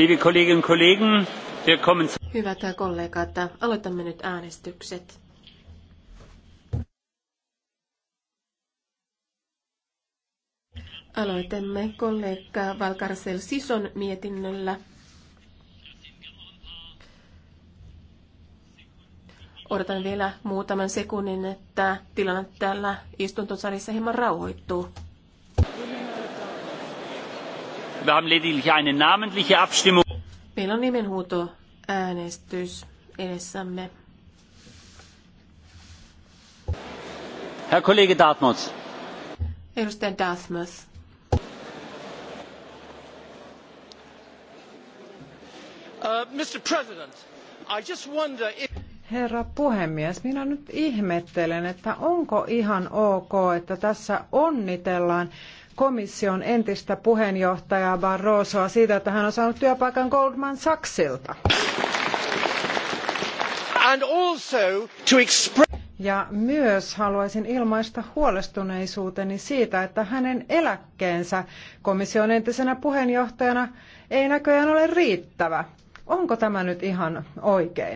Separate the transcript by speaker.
Speaker 1: Liebe Kolleginnen und Kollegen, wir kommen
Speaker 2: Hyvät kollegat, aloitamme nyt äänestykset. Aloitamme kollega Valkarsel Sison mietinnöllä. Odotan vielä muutaman sekunnin, että tilanne täällä istuntosalissa hieman rauhoittuu.
Speaker 3: Wir haben lediglich eine namentliche Abstimmung.
Speaker 2: Meillä on nimenhuuto äänestys edessämme.
Speaker 4: Herr Kollege Dartmouth.
Speaker 2: Edustaja Dartmouth.
Speaker 5: Uh, Mr. President, I just wonder if...
Speaker 6: Herra puhemies, minä nyt ihmettelen, että onko ihan ok, että tässä onnitellaan komission entistä puheenjohtajaa Barrosoa siitä, että hän on saanut työpaikan Goldman Sachsilta. Ja myös haluaisin ilmaista huolestuneisuuteni siitä, että hänen eläkkeensä komission entisenä puheenjohtajana ei näköjään ole riittävä. Onko tämä nyt ihan oikein?